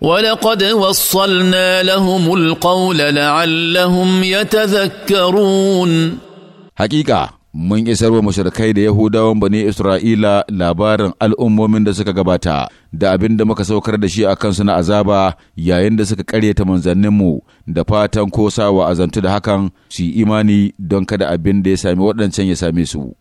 ولقد وصلنا لهم القول لعلهم يتذكرون حقيقة mun isar wa mashirkai da Yahudawan bani Isra'ila labarin al'ummomin da suka gabata da abin da muka saukar da shi a kansu na azaba yayin da suka ƙaryata manzanninmu da fatan ko sawa azantu da hakan su yi imani don kada abin da ya sami waɗancan ya same su.